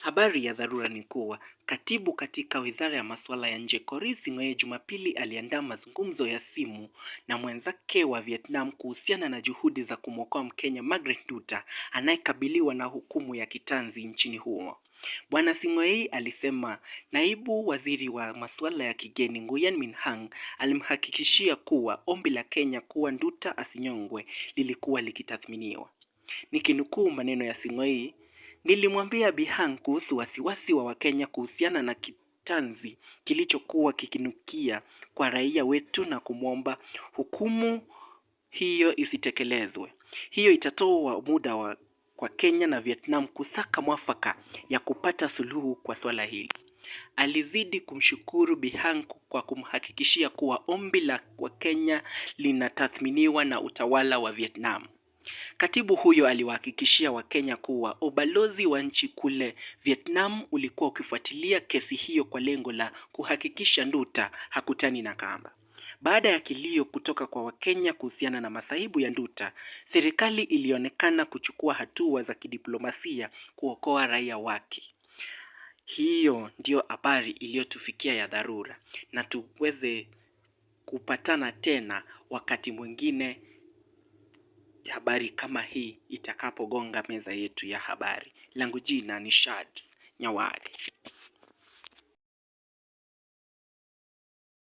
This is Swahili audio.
Habari ya dharura ni kuwa katibu katika wizara ya masuala ya nje Korisi Sing'oei Jumapili aliandaa mazungumzo ya simu na mwenzake wa Vietnam kuhusiana na juhudi za kumwokoa Mkenya Margaret Duta anayekabiliwa na hukumu ya kitanzi nchini humo. Bwana Sing'oei alisema naibu waziri wa masuala ya kigeni Nguyen Minh Hang alimhakikishia kuwa ombi la Kenya kuwa Nduta asinyongwe lilikuwa likitathminiwa. Nikinukuu maneno ya Sing'oei, Nilimwambia Bihan kuhusu wasiwasi wa Wakenya kuhusiana na kitanzi kilichokuwa kikinukia kwa raia wetu na kumwomba hukumu hiyo isitekelezwe. Hiyo itatoa muda wa kwa Kenya na Vietnam kusaka mwafaka ya kupata suluhu kwa swala hili. Alizidi kumshukuru Bihanku kwa kumhakikishia kuwa ombi la Wakenya linatathminiwa na utawala wa Vietnam. Katibu huyo aliwahakikishia Wakenya kuwa ubalozi wa nchi kule Vietnam ulikuwa ukifuatilia kesi hiyo kwa lengo la kuhakikisha Nduta hakutani na Kamba. Baada ya kilio kutoka kwa Wakenya kuhusiana na masaibu ya Nduta, serikali ilionekana kuchukua hatua za kidiplomasia kuokoa raia wake. Hiyo ndiyo habari iliyotufikia ya dharura, na tuweze kupatana tena wakati mwingine habari kama hii itakapogonga meza yetu ya habari. Langu jina ni Shads Nyawadi.